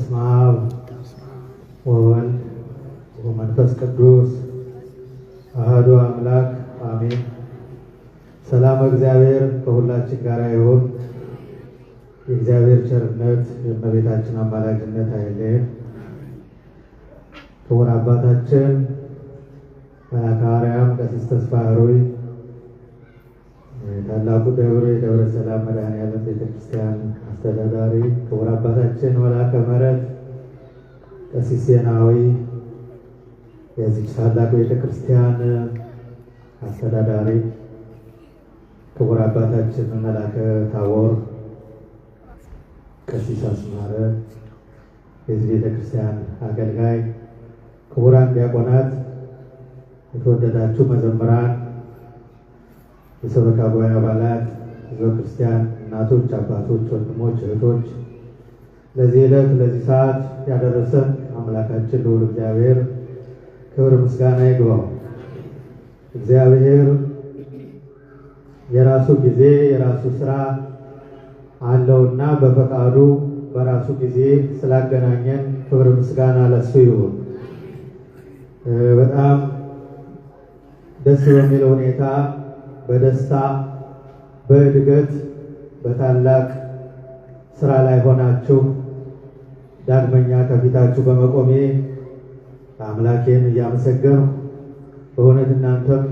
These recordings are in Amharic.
በስመ አብ ወወልድ ወመንፈስ ቅዱስ አህዶ አምላክ አሜን። ሰላም እግዚአብሔር ከሁላችን ጋር ይሁን። የእግዚአብሔር ቸርነት የእመቤታችን አማላጅነት አይለየን። ክቡር አባታችን መላከ ማርያም ቀሲስ ተስፋ ሩይ ታላቁ ደብር የደብረ ሰላም መድኃኔዓለም ቤተክርስቲያን አስተዳዳሪ ክቡር አባታችን መልአከ ምሕረት ቀሲስ ዜናዊ፣ የዚች ታላቅ ቤተክርስቲያን አስተዳዳሪ ክቡር አባታችን መልአከ ታቦር ቀሲስ አስማረ፣ የዚህ ቤተክርስቲያን አገልጋይ ክቡራን ዲያቆናት፣ የተወደዳችሁ መዘምራን የሰበካ ጉባኤ አባላት፣ ህዝበ ክርስቲያን፣ እናቶች፣ አባቶች፣ ወንድሞች፣ እህቶች ለዚህ ዕለት ለዚህ ሰዓት ያደረሰን አምላካችን ልዑል እግዚአብሔር ክብር ምስጋና ይግባው። እግዚአብሔር የራሱ ጊዜ የራሱ ስራ አለውና በፈቃዱ በራሱ ጊዜ ስላገናኘን ክብር ምስጋና ለሱ ይሁን። በጣም ደስ በሚል ሁኔታ በደስታ በእድገት በታላቅ ስራ ላይ ሆናችሁ ዳግመኛ ከፊታችሁ በመቆሜ አምላኬን እያመሰገኑ በእውነት እናንተም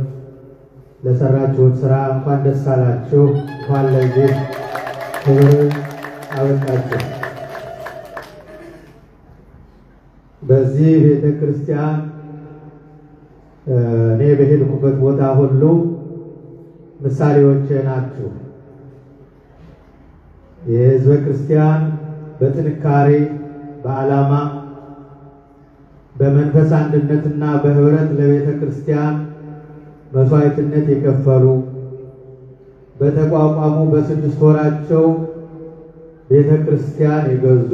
ለሰራችሁት ስራ እንኳን ደስ አላችሁ፣ እንኳን ለዚህ ክብር አበቃችሁ። በዚህ ቤተ ክርስቲያን እኔ በሄድኩበት ቦታ ሁሉ ምሳሌዎች ናችሁ። የህዝበ ክርስቲያን በጥንካሬ በዓላማ በመንፈስ አንድነትና በህብረት ለቤተ ክርስቲያን መስዋዕትነት የከፈሉ በተቋቋሙ በስድስት ወራቸው ቤተ ክርስቲያን የገዙ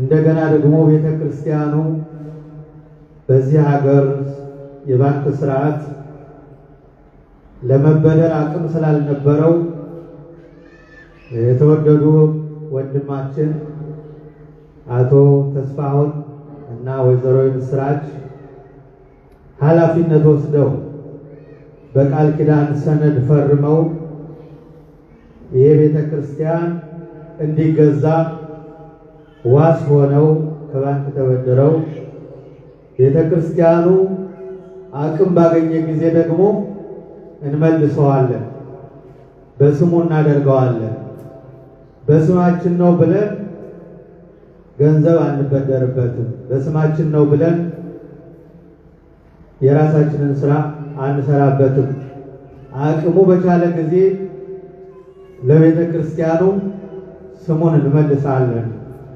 እንደገና ደግሞ ቤተ ክርስቲያኑ በዚህ ሀገር የባንክ ስርዓት ለመበደር አቅም ስላልነበረው የተወደዱ ወንድማችን አቶ ተስፋሁን እና ወይዘሮ ምስራች ኃላፊነት ወስደው በቃል ኪዳን ሰነድ ፈርመው ይህ ቤተ ክርስቲያን እንዲገዛ ዋስ ሆነው ከባንክ ተበድረው ቤተ ክርስቲያኑ አቅም ባገኘ ጊዜ ደግሞ እንመልሰዋለን፣ በስሙ እናደርገዋለን። በስማችን ነው ብለን ገንዘብ አንበደርበትም። በስማችን ነው ብለን የራሳችንን ስራ አንሰራበትም። አቅሙ በቻለ ጊዜ ለቤተ ክርስቲያኑ ስሙን እንመልሳለን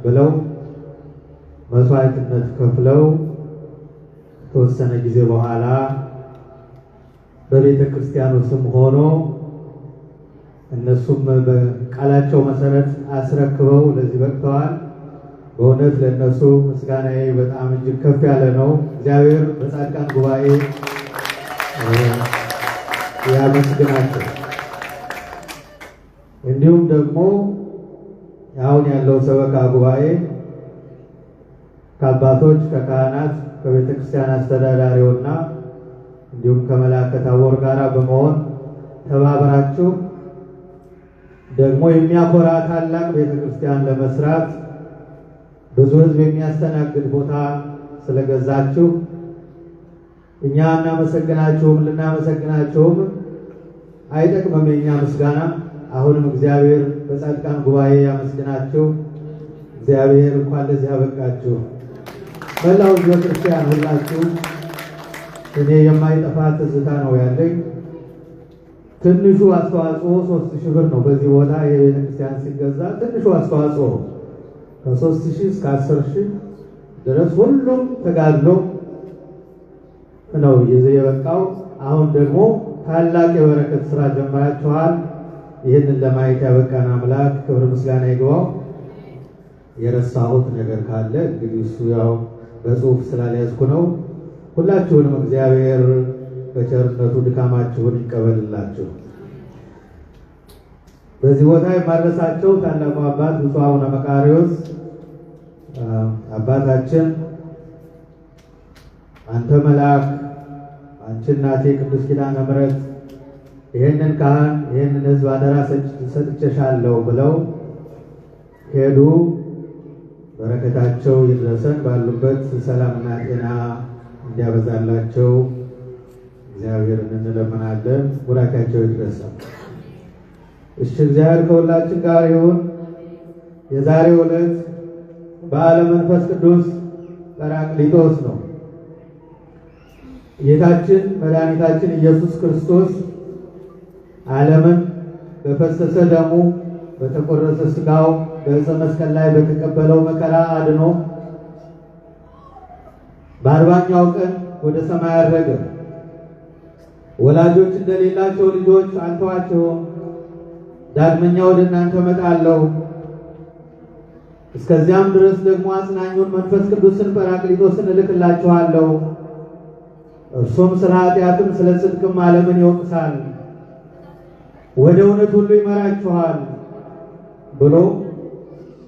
ብለው መስዋዕትነት ከፍለው ከተወሰነ ጊዜ በኋላ በቤተ ክርስቲያኑ ስም ሆኖ እነሱም በቃላቸው መሰረት አስረክበው ለዚህ በቅተዋል። በእውነት ለእነሱ ምስጋናዬ በጣም እጅግ ከፍ ያለ ነው። እግዚአብሔር በጻድቃን ጉባኤ ያመስግናቸው። እንዲሁም ደግሞ አሁን ያለው ሰበካ ጉባኤ ከአባቶች፣ ከካህናት፣ ከቤተክርስቲያን አስተዳዳሪውና እንዲሁም ከመልአከ ታቦር ጋር በመሆን ተባብራችሁ ደግሞ የሚያኮራ ታላቅ ቤተ ክርስቲያን ለመስራት ብዙ ሕዝብ የሚያስተናግድ ቦታ ስለገዛችሁ እኛ እናመሰግናችሁም ልናመሰግናችሁም አይጠቅምም የእኛ ምስጋና። አሁንም እግዚአብሔር በጻድቃን ጉባኤ ያመስግናችሁ። እግዚአብሔር እንኳን ለዚህ አበቃችሁ። መላው ቤተ ክርስቲያን ሁላችሁ እኔ የማይጠፋ ትዝታ ነው ያለኝ። ትንሹ አስተዋጽኦ ሶስት ሺህ ብር ነው። በዚህ ቦታ የቤተክርስቲያን ሲገዛ ትንሹ አስተዋጽኦ ከሶስት ሺህ እስከ አስር ሺህ ድረስ ሁሉም ተጋድሎ ነው ይዘ የበቃው። አሁን ደግሞ ታላቅ የበረከት ስራ ጀምራችኋል። ይህንን ለማየት ያበቃን አምላክ ክብር ምስጋና ይግባው። የረሳሁት ነገር ካለ እንግዲህ እሱ ያው በጽሁፍ ስላልያዝኩ ነው። ሁላችሁንም እግዚአብሔር በቸርነቱ ድካማችሁን ይቀበልላችሁ። በዚህ ቦታ የማድረሳቸው ታላቁ አባት ብፁዕ አቡነ መቃሪዎስ አባታችን አንተ መልአክ አንቺ እናቴ ቅዱስ ኪዳነ ምሕረት ይህንን ካህን ይህንን ሕዝብ አደራ ሰጥቼሻለሁ ብለው ሄዱ። በረከታቸው ይድረሰን። ባሉበት ሰላምና ጤና እንዲያበዛላቸው እግዚአብሔርን እንለምናለን። ቡራካቸው ይድረሳል። እሺ፣ እግዚአብሔር ከሁላችን ጋር ይሁን። የዛሬው ዕለት በዓለ መንፈስ ቅዱስ ጰራቅሊጦስ ነው። ጌታችን መድኃኒታችን ኢየሱስ ክርስቶስ ዓለምን በፈሰሰ ደሙ በተቆረሰ ሥጋው በዕፀ መስቀል ላይ በተቀበለው መከራ አድኖ በአርባኛው ቀን ወደ ሰማይ አረገ። ወላጆች እንደሌላቸው ልጆች አልተዋቸውም። ዳግመኛ ወደ እናንተ እመጣለሁ። እስከዚያም ድረስ ደግሞ አጽናኙን መንፈስ ቅዱስን ጰራቅሊጦስን እልክላችኋለሁ። እርሱም ስለ ኃጢአትም ስለ ጽድቅም ዓለምን ይወቅሳል፣ ወደ እውነት ሁሉ ይመራችኋል ብሎ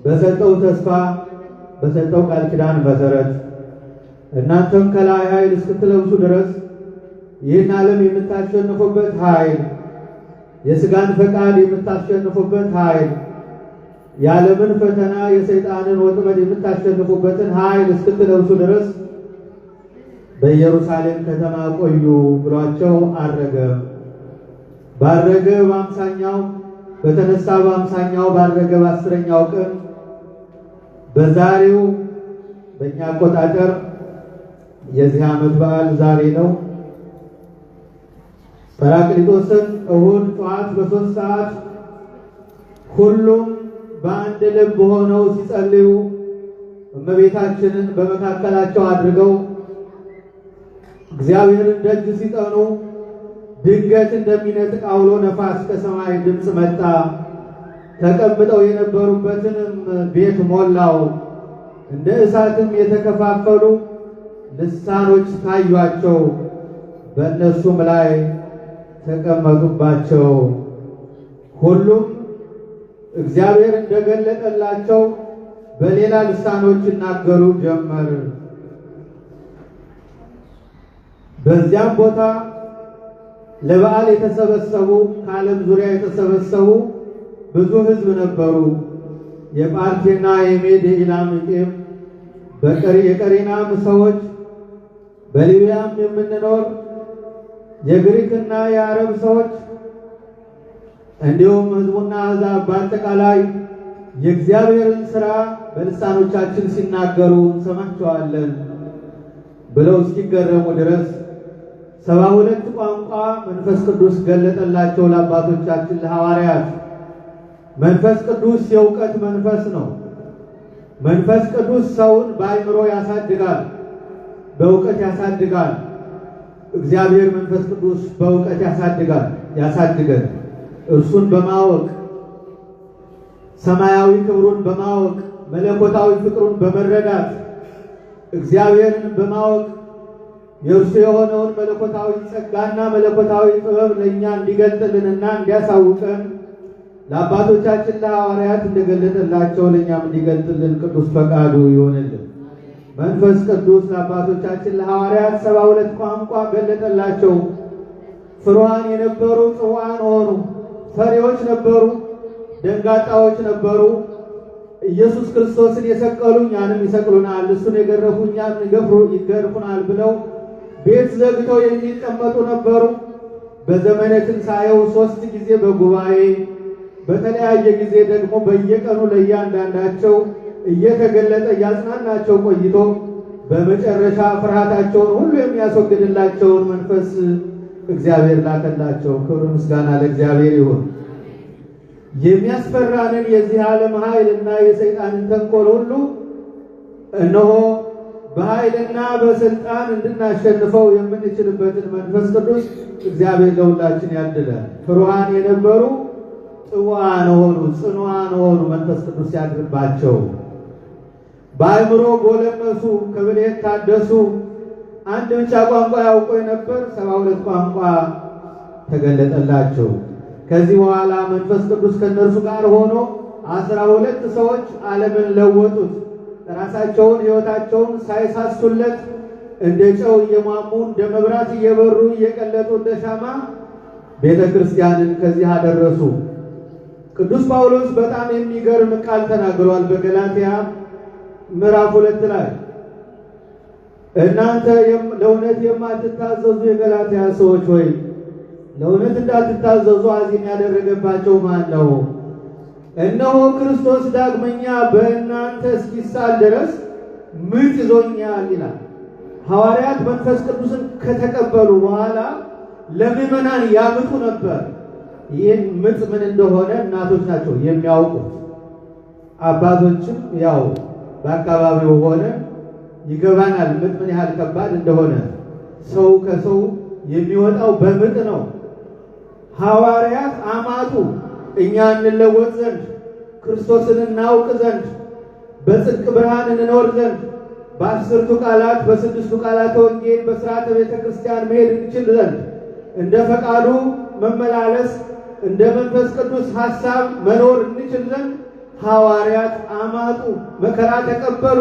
በሰጠው ተስፋ በሰጠው ቃል ኪዳን መሰረት እናንተም ከላይ ኃይል እስክትለብሱ ድረስ ይህን ዓለም የምታሸንፉበት ኃይል የሥጋን ፈቃድ የምታሸንፉበት ኃይል የዓለምን ፈተና የሰይጣንን ወጥመድ የምታሸንፉበትን ኃይል እስክትለብሱ ድረስ በኢየሩሳሌም ከተማ ቆዩ ብሏቸው አረገ። ባረገ በአምሳኛው በተነሳ በአምሳኛው ባረገ በአስረኛው ቀን በዛሬው በእኛ አቆጣጠር የዚህ ዓመት በዓል ዛሬ ነው። ጰራቅሊጦስም እሁድ ጠዋት በሦስት ሰዓት ሁሉም በአንድ ልብ ሆነው ሲጸልዩ እመቤታችንን በመካከላቸው አድርገው እግዚአብሔርን ደጅ ሲጠኑ ድንገት እንደሚነጥቅ አውሎ ነፋስ ከሰማይ ድምፅ መጣ። ተቀምጠው የነበሩበትንም ቤት ሞላው። እንደ እሳትም የተከፋፈሉ ልሳኖች ታዩአቸው፣ በእነሱም ላይ ተቀመጡባቸው። ሁሉም እግዚአብሔር እንደገለጠላቸው በሌላ ልሳኖች ይናገሩ ጀመር። በዚያም ቦታ ለበዓል የተሰበሰቡ ከዓለም ዙሪያ የተሰበሰቡ ብዙ ሕዝብ ነበሩ። የጳርቴና የሜድ የኢላም የቀሪናም ሰዎች በሊቢያም የምንኖር የግሪክና የአረብ ሰዎች እንዲሁም ሕዝቡና አሕዛብ በአጠቃላይ የእግዚአብሔርን ሥራ በልሳኖቻችን ሲናገሩ እንሰማቸዋለን ብለው እስኪገረሙ ድረስ ሰባ ሁለት ቋንቋ መንፈስ ቅዱስ ገለጠላቸው። ለአባቶቻችን ለሐዋርያት መንፈስ ቅዱስ የእውቀት መንፈስ ነው። መንፈስ ቅዱስ ሰውን በአይምሮ ያሳድጋል። በእውቀት ያሳድጋል። እግዚአብሔር መንፈስ ቅዱስ በእውቀት ያሳድጋል ያሳድገን። እርሱን በማወቅ ሰማያዊ ክብሩን በማወቅ መለኮታዊ ፍቅሩን በመረዳት እግዚአብሔርን በማወቅ የእርሱ የሆነውን መለኮታዊ ጸጋና መለኮታዊ ጥበብ ለእኛ እንዲገልጥልንና እንዲያሳውቀን ለአባቶቻችን ለሐዋርያት እንደገለጠላቸው ለእኛም እንዲገልጥልን ቅዱስ ፈቃዱ ይሆንልን። መንፈስ ቅዱስ ለአባቶቻችን ለሐዋርያት ሰባ ሁለት ቋንቋ ገለጠላቸው። ፍሩሃን የነበሩ ጽዋን ሆኑ። ፈሪዎች ነበሩ፣ ደንጋጣዎች ነበሩ። ኢየሱስ ክርስቶስን የሰቀሉ እኛንም ይሰቅሉናል፣ እሱን የገረፉ እኛን ይገርፉ ይገርፉናል ብለው ቤት ዘግተው የሚቀመጡ ነበሩ። በዘመነ ትንሣኤው ሦስት ጊዜ በጉባኤ በተለያየ ጊዜ ደግሞ በየቀኑ ለእያንዳንዳቸው እየተገለጠ እያጽናናቸው ቆይቶ በመጨረሻ ፍርሃታቸውን ሁሉ የሚያስወግድላቸውን መንፈስ እግዚአብሔር ላከላቸው። ክብር ምስጋና ለእግዚአብሔር ይሁን። የሚያስፈራንን የዚህ ዓለም ኃይል እና የሰይጣንን ተንኮል ሁሉ እነሆ በኃይልና በስልጣን እንድናሸንፈው የምንችልበትን መንፈስ ቅዱስ እግዚአብሔር ለሁላችን ያድላል። ፍሩሃን የነበሩ ጽዋን ሆኑ፣ ጽኑዓን ሆኑ። መንፈስ ቅዱስ ያድርባቸው። በአእምሮ ጎለመሱ፣ ከብልሄት ታደሱ። አንድ ብቻ ቋንቋ ያውቆ የነበር ሰባ ሁለት ቋንቋ ተገለጠላቸው። ከዚህ በኋላ መንፈስ ቅዱስ ከእነርሱ ጋር ሆኖ አስራ ሁለት ሰዎች ዓለምን ለወጡት። ራሳቸውን ሕይወታቸውን ሳይሳሱለት እንደ ጨው እየሟሙ እንደ መብራት እየበሩ እየቀለጡ እንደ ሻማ ቤተ ክርስቲያንን ከዚህ አደረሱ። ቅዱስ ጳውሎስ በጣም የሚገርም ቃል ተናግሯል በገላትያ ምዕራፍ ሁለት ላይ እናንተ ለእውነት የማትታዘዙ የገላትያ ሰዎች ሆይ ለእውነት እንዳትታዘዙ አዚም ያደረገባቸው ማን ነው? እነሆ ክርስቶስ ዳግመኛ በእናንተ እስኪሳል ድረስ ምጥ ይዞኛል ይላል። ሐዋርያት መንፈስ ቅዱስን ከተቀበሉ በኋላ ለምዕመናን ያምጡ ነበር። ይህን ምጥ ምን እንደሆነ እናቶች ናቸው የሚያውቁት፣ አባቶችም ያው በአካባቢው ሆነ ይገባናል ምጥ ምን ያህል ከባድ እንደሆነ። ሰው ከሰው የሚወጣው በምጥ ነው። ሐዋርያት አማቱ እኛ እንለወጥ ዘንድ ክርስቶስን እናውቅ ዘንድ በጽድቅ ብርሃን እንኖር ዘንድ በአስርቱ ቃላት በስድስቱ ቃላት ወንጌል በስርዓተ ቤተ ክርስቲያን መሄድ እንችል ዘንድ እንደ ፈቃዱ መመላለስ እንደ መንፈስ ቅዱስ ሐሳብ መኖር እንችል ዘንድ ሐዋርያት አማጡ፣ መከራ ተቀበሉ።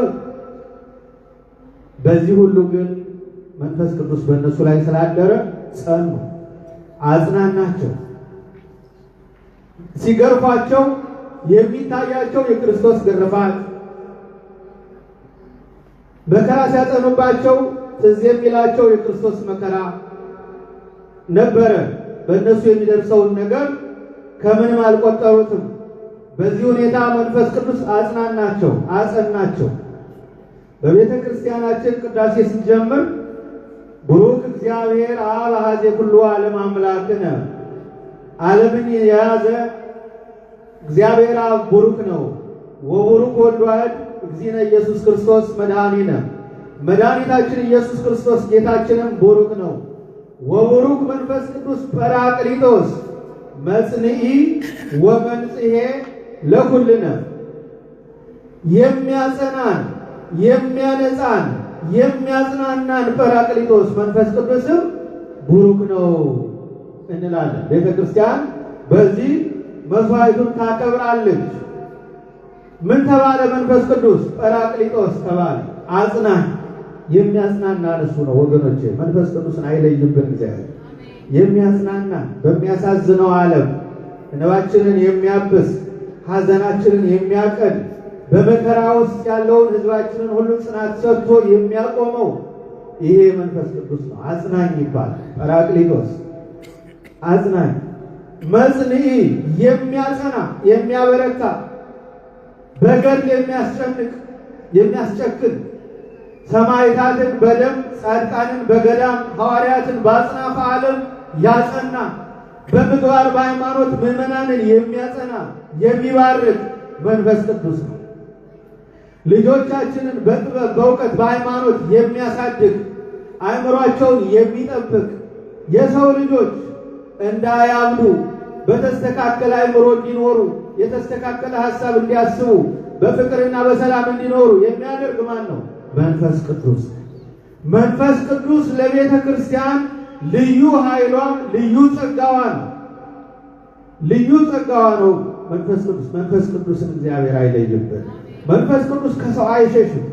በዚህ ሁሉ ግን መንፈስ ቅዱስ በእነሱ ላይ ስላደረ ጸኑ፣ አጽናናቸው። ሲገርፏቸው የሚታያቸው የክርስቶስ ግርፋት፣ መከራ ሲያጸኑባቸው ትዝ የሚላቸው የክርስቶስ መከራ ነበረ። በእነሱ የሚደርሰውን ነገር ከምንም አልቆጠሩትም። በዚህ ሁኔታ መንፈስ ቅዱስ አጽናናቸው፣ አጸናቸው። በቤተ ክርስቲያናችን ቅዳሴ ስንጀምር ብሩክ እግዚአብሔር አብ አኀዜ ኩሉ ዓለም አምላክነ፣ ዓለምን የያዘ እግዚአብሔር አብ ብሩክ ነው። ወቡሩክ ወልድ ዋሕድ እግዚእነ ኢየሱስ ክርስቶስ መድኃኒነ፣ መድኃኒታችን ኢየሱስ ክርስቶስ ጌታችንም ቡሩክ ነው። ወቡሩክ መንፈስ ቅዱስ ጰራቅሊጦስ መጽንዒ ወመንጽሔ ለኩልነ የሚያጸናን የሚያነጻን የሚያጽናናን ጰራቅሊጦስ መንፈስ ቅዱስም ቡሩክ ነው እንላለን። ቤተ ክርስቲያን በዚህ መስዋዕቱን ታከብራለች። ምን ተባለ? መንፈስ ቅዱስ ጰራቅሊጦስ ተባለ። አጽናን የሚያጽናና እሱ ነው። ወገኖች መንፈስ ቅዱስን አይለይብን። እግዚአብሔር የሚያጽናና በሚያሳዝነው ዓለም እንባችንን የሚያብስ ሐዘናችንን የሚያቀል በመከራ ውስጥ ያለውን ሕዝባችንን ሁሉ ጽናት ሰጥቶ የሚያቆመው ይሄ መንፈስ ቅዱስ ነው። አጽናኝ ይባላል። ጰራቅሊጦስ አጽናኝ፣ መጽንኢ፣ የሚያጸና የሚያበረታ፣ በገድል የሚያስጨንቅ የሚያስጨክን ሰማዕታትን በደም ጻድቃንን በገዳም ሐዋርያትን በአጽናፈ ዓለም ያጸና በምግባር በሃይማኖት ምዕመናንን የሚያጸና የሚባርክ መንፈስ ቅዱስ ነው። ልጆቻችንን በጥበብ በእውቀት በሃይማኖት የሚያሳድግ አእምሯቸውን የሚጠብቅ የሰው ልጆች እንዳያምኑ በተስተካከለ አእምሮ እንዲኖሩ የተስተካከለ ሀሳብ እንዲያስቡ በፍቅርና በሰላም እንዲኖሩ የሚያደርግ ማን ነው? መንፈስ ቅዱስ። መንፈስ ቅዱስ ለቤተ ክርስቲያን ልዩ ኃይሏን ልዩ ጸጋዋን ልዩ ጸጋዋ ነው። መንፈስ ቅዱስ መንፈስ ቅዱስን እግዚአብሔር አይለይበት። መንፈስ ቅዱስ ከሰው አይሸሽም፣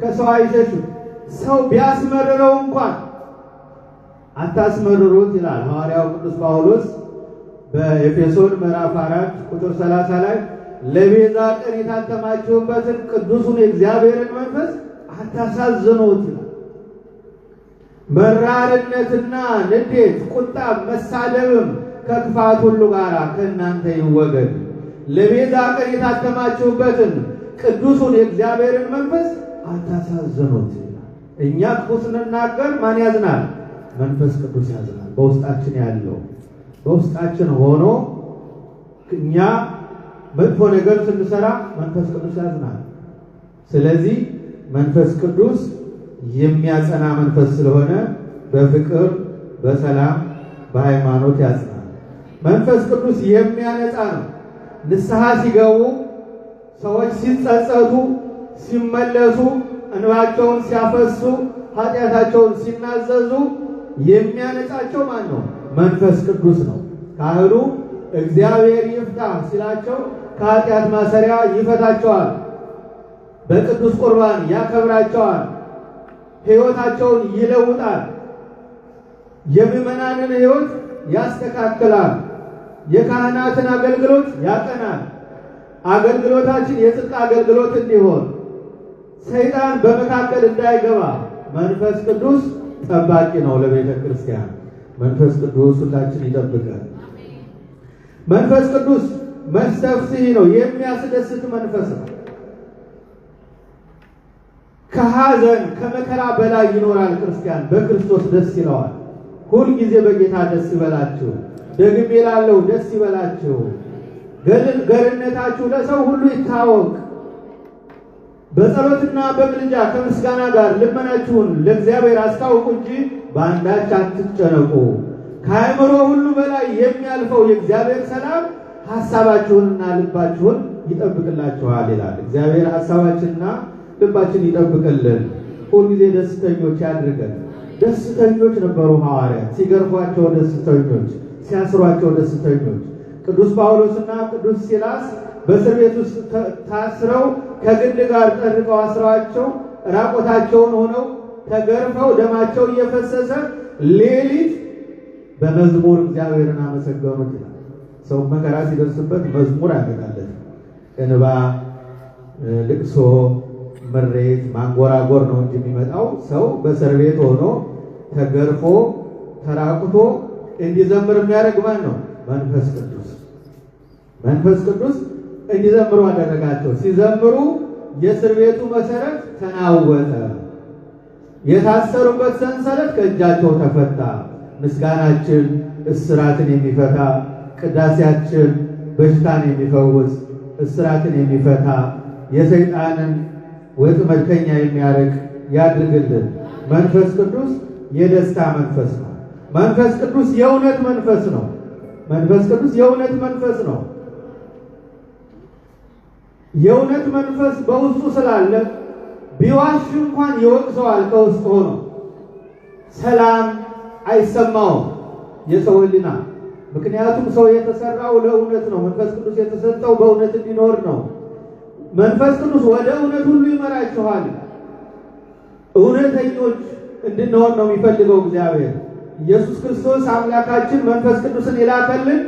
ከሰው አይሸሽም። ሰው ቢያስመርረው እንኳን አታስመርሩት ይላል ሐዋርያው ቅዱስ ጳውሎስ በኤፌሶን ምዕራፍ አራት ቁጥር ሰላሳ ላይ ለቤዛ ቀን የታተማችሁበትን ቅዱሱን የእግዚአብሔርን መንፈስ አታሳዝኑት ይላል። መራርነትና ንዴት፣ ቁጣ መሳደብም ከክፋት ሁሉ ጋር ከእናንተ ይወገድ። ለቤዛ ቀን የታተማችሁበትን ቅዱሱን የእግዚአብሔርን መንፈስ አታሳዝኑት። እኛ ክፉ ስንናገር ማን ያዝናል? መንፈስ ቅዱስ ያዝናል። በውስጣችን ያለው በውስጣችን ሆኖ እኛ መጥፎ ነገር ስንሰራ መንፈስ ቅዱስ ያዝናል። ስለዚህ መንፈስ ቅዱስ የሚያጸና መንፈስ ስለሆነ በፍቅር በሰላም በሃይማኖት ያጽናል። መንፈስ ቅዱስ የሚያነጻ ነው። ንስሐ ሲገቡ ሰዎች ሲጸጸቱ፣ ሲመለሱ፣ እንባቸውን ሲያፈሱ፣ ኃጢአታቸውን ሲናዘዙ የሚያነጻቸው ማን ነው? መንፈስ ቅዱስ ነው። ካህሉ እግዚአብሔር ይፍታ ሲላቸው ከኃጢአት ማሰሪያ ይፈታቸዋል። በቅዱስ ቁርባን ያከብራቸዋል። ሕይወታቸውን ይለውጣል። የምእመናንን ሕይወት ያስተካክላል። የካህናትን አገልግሎት ያቀናል። አገልግሎታችን የጽድቅ አገልግሎት እንዲሆን ሰይጣን በመካከል እንዳይገባ መንፈስ ቅዱስ ጠባቂ ነው ለቤተ ክርስቲያን። መንፈስ ቅዱስ ሁላችን ይጠብቃል። መንፈስ ቅዱስ መስተፍስሒ ነው፣ የሚያስደስት መንፈስ ነው። ከሐዘን ከመከራ በላይ ይኖራል ክርስቲያን። በክርስቶስ ደስ ይለዋል። ሁልጊዜ በጌታ ደስ ይበላችሁ። ደግሜ ይላለው ደስ ይበላችሁ። ገርነታችሁ ለሰው ሁሉ ይታወቅ። በጸሎትና በምልጃ ከምስጋና ጋር ልመናችሁን ለእግዚአብሔር አስታውቁ እንጂ በአንዳች አትጨነቁ። ከአእምሮ ሁሉ በላይ የሚያልፈው የእግዚአብሔር ሰላም ሐሳባችሁንና ልባችሁን ይጠብቅላችኋል ይላል። እግዚአብሔር ሐሳባችንና ልባችን ይጠብቅልን። ሁልጊዜ ደስተኞች ያድርገን። ደስተኞች ነበሩ ሐዋርያት። ሲገርፏቸው ደስተኞች፣ ሲያስሯቸው ደስተኞች። ቅዱስ ጳውሎስና ቅዱስ ሲላስ በእስር ቤት ውስጥ ታስረው ከግንድ ጋር ጠርቀው አስረዋቸው ራቆታቸውን ሆነው ተገርፈው ደማቸው እየፈሰሰ ሌሊት በመዝሙር እግዚአብሔርን አመሰገኑት ይላል። ሰው መከራ ሲደርስበት መዝሙር ያደርጋለት እንባ፣ ልቅሶ ምሬት ማንጎራጎር ነው እንጂ የሚመጣው ሰው በእስር ቤት ሆኖ ተገርፎ ተራቁቶ እንዲዘምር የሚያደርግ ማን ነው? መንፈስ ቅዱስ። መንፈስ ቅዱስ እንዲዘምሩ አደረጋቸው። ሲዘምሩ የእስር ቤቱ መሰረት ተናወጠ፣ የታሰሩበት ሰንሰለት ከእጃቸው ተፈታ። ምስጋናችን እስራትን የሚፈታ ቅዳሴያችን በሽታን የሚፈውስ እስራትን የሚፈታ የሰይጣንን ወጥ መልከኛ የሚያርቅ ያድርግልን። መንፈስ ቅዱስ የደስታ መንፈስ ነው። መንፈስ ቅዱስ የእውነት መንፈስ ነው። መንፈስ ቅዱስ የእውነት መንፈስ ነው። የእውነት መንፈስ በውስጡ ስላለ ቢዋሽ እንኳን ይወቅሰዋል። ከውስጥ ሆኖ ሰላም አይሰማውም የሰው ምክንያቱም ሰው የተሰራው ለእውነት ነው። መንፈስ ቅዱስ የተሰጠው በእውነት እንዲኖር ነው። መንፈስ ቅዱስ ወደ እውነት ሁሉ ይመራችኋል። እውነተኞች እንድንሆን ነው የሚፈልገው እግዚአብሔር። ኢየሱስ ክርስቶስ አምላካችን መንፈስ ቅዱስን የላከልን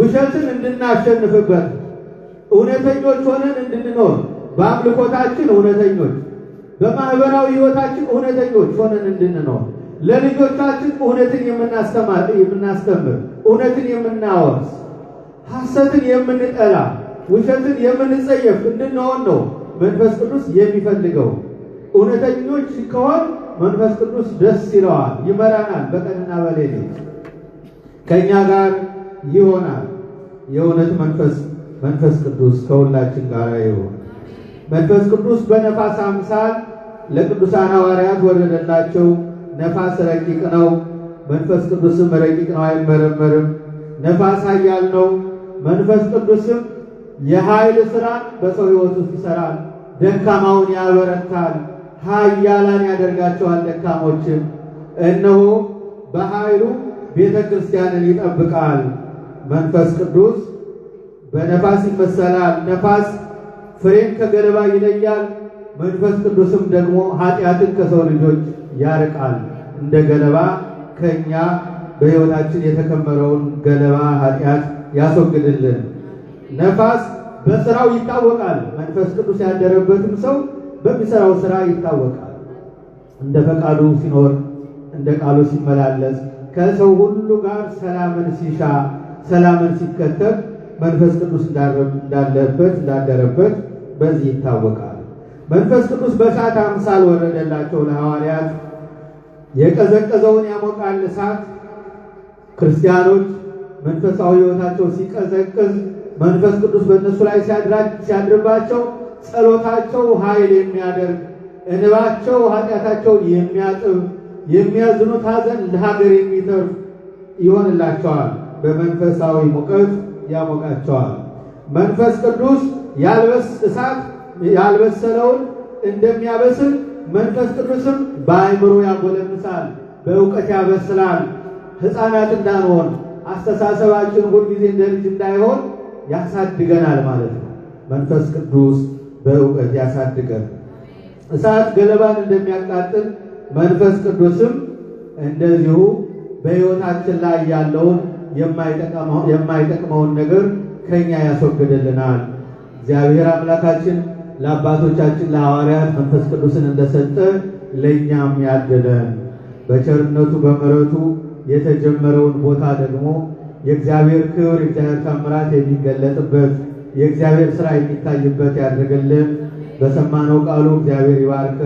ውሸትን እንድናሸንፍበት እውነተኞች ሆነን እንድንኖር በአምልኮታችን እውነተኞች፣ በማህበራዊ ሕይወታችን እውነተኞች ሆነን እንድንኖር ለልጆቻችን እውነትን የምናስተማር የምናስተምር፣ እውነትን የምናወርስ፣ ሐሰትን የምንጠላ ውሸትን የምንጸየፍ እንድንሆን ነው መንፈስ ቅዱስ የሚፈልገው። እውነተኞች ከሆን መንፈስ ቅዱስ ደስ ይለዋል፣ ይመራናል፣ በቀንና በሌሊት ከእኛ ጋር ይሆናል። የእውነት መንፈስ መንፈስ ቅዱስ ከሁላችን ጋር ይሆን። መንፈስ ቅዱስ በነፋስ አምሳል ለቅዱሳን ሐዋርያት ወረደላቸው። ነፋስ ረቂቅ ነው፣ መንፈስ ቅዱስም ረቂቅ ነው፣ አይመረመርም። ነፋስ ኃያል ነው፣ መንፈስ ቅዱስም የኃይል ስራ በሰው ሕይወት ውስጥ ይሠራል፣ ደካማውን ያበረታል፣ ኃያላን ያደርጋቸዋል፣ ደካሞችን እነሆ በኃይሉ ቤተ ክርስቲያንን ይጠብቃል። መንፈስ ቅዱስ በነፋስ ይመሰላል። ነፋስ ፍሬን ከገለባ ይለያል። መንፈስ ቅዱስም ደግሞ ኃጢአትን ከሰው ልጆች ያርቃል። እንደ ገለባ ከእኛ በሕይወታችን የተከመረውን ገለባ ኃጢአት ያስወግድልን። ነፋስ በስራው ይታወቃል። መንፈስ ቅዱስ ያደረበትም ሰው በሚሰራው ስራ ይታወቃል። እንደ ፈቃዱ ሲኖር፣ እንደ ቃሉ ሲመላለስ፣ ከሰው ሁሉ ጋር ሰላምን ሲሻ፣ ሰላምን ሲከተል መንፈስ ቅዱስ እንዳለበት እንዳደረበት በዚህ ይታወቃል። መንፈስ ቅዱስ በእሳት አምሳል ወረደላቸው ለሐዋርያት። የቀዘቀዘውን ያሞቃል እሳት። ክርስቲያኖች መንፈሳዊ ሕይወታቸው ሲቀዘቅዝ መንፈስ ቅዱስ በእነሱ ላይ ሲያድርባቸው ጸሎታቸው ኃይል የሚያደርግ እንባቸው ኃጢአታቸውን የሚያጥብ የሚያዝኑት ሐዘን ለሀገር የሚተርፍ ይሆንላቸዋል። በመንፈሳዊ ሙቀት ያሞቃቸዋል። መንፈስ ቅዱስ ያልበስ እሳት ያልበሰለውን እንደሚያበስል መንፈስ ቅዱስም በአእምሮ ያጎለምሳል፣ በእውቀት ያበስላል። ሕፃናት እንዳንሆን አስተሳሰባችን ሁልጊዜ እንደ ልጅ እንዳይሆን ያሳድገናል ማለት ነው። መንፈስ ቅዱስ በእውቀት ያሳድገን። እሳት ገለባን እንደሚያቃጥል መንፈስ ቅዱስም እንደዚሁ በሕይወታችን ላይ ያለውን የማይጠቅመውን ነገር ከኛ ያስወግድልናል። እግዚአብሔር አምላካችን ለአባቶቻችን ለሐዋርያት መንፈስ ቅዱስን እንደሰጠ ለእኛም ያድለን። በቸርነቱ በምሕረቱ የተጀመረውን ቦታ ደግሞ የእግዚአብሔር ክብር የእግዚአብሔር ታምራት የሚገለጥበት የእግዚአብሔር ስራ የሚታይበት ያደርግልን። በሰማነው ቃሉ እግዚአብሔር ይባርከ።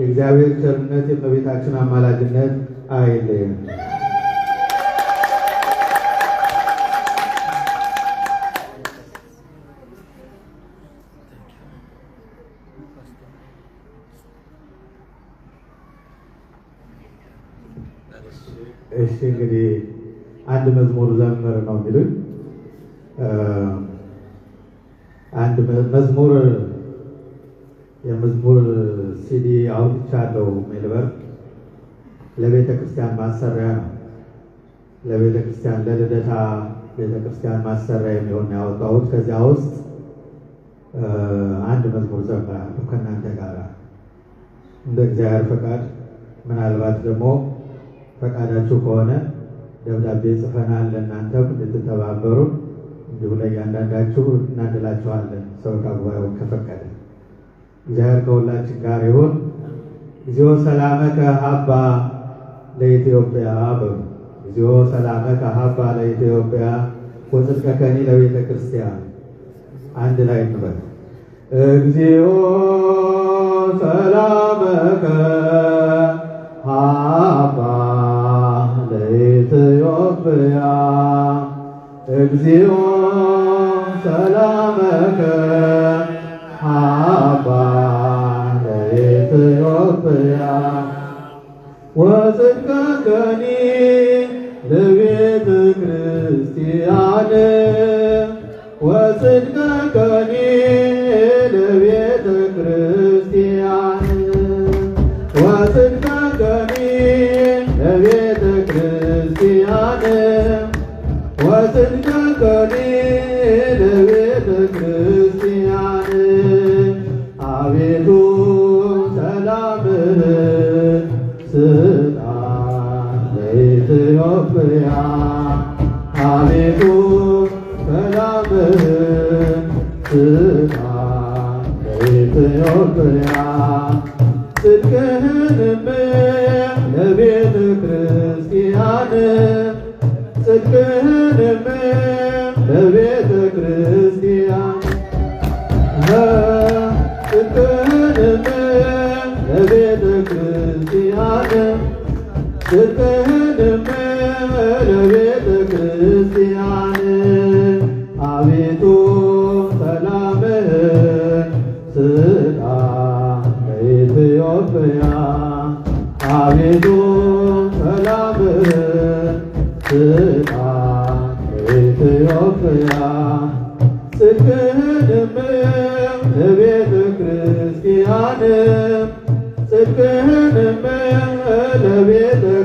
የእግዚአብሔር ቸርነት የእመቤታችን አማላጅነት አይለየን። እሺ እንግዲህ አንድ መዝሙር ዘምር ነው የሚሉኝ። አንድ መዝሙር የመዝሙር ሲዲ አውጥቻለሁ ሜልበር ለቤተ ክርስቲያን ማሰሪያ ነው። ለቤተ ክርስቲያን ለልደታ ቤተ ክርስቲያን ማሰሪያ የሚሆን ያወጣሁት። ከዚያ ውስጥ አንድ መዝሙር ዘምራለሁ ከእናንተ ጋር እንደ እግዚአብሔር ፈቃድ፣ ምናልባት ደግሞ ፈቃዳችሁ ከሆነ ደብዳቤ ጽፈናል። ለእናንተም እንድትተባበሩ እንዲሁ ለእያንዳንዳችሁ እናድላችኋለን። ሰው ከጉባኤው ከፈቀደ እግዚአብሔር ከሁላችን ጋር ይሁን። እግዚኦ ሰላመከ ሀባ ለኢትዮጵያ በሉ። እግዚኦ ሰላመከ ሀባ ለኢትዮጵያ ወጽድቀከኒ ለቤተ ክርስቲያን። አንድ ላይ እንበል። እግዚኦ ሰላመከ ሀባ ብያ እግዚኦ ሰላመከ ሀባ ለኢትዮጵያ ወጽድቀከኒ ለቤተ ክርስቲያን ወጽድቀከኒ ለቤተ ክርስቲያን ወጽድቀከኒ ለቤተ ድምር ቤተ ክርስቲያን አቤቱ ሰላምህን ስጣ ለኢትዮጵያ አቤቱ ሰላምህን ለቤተ ክርስቲያን ጽድቅህንም ለቤተ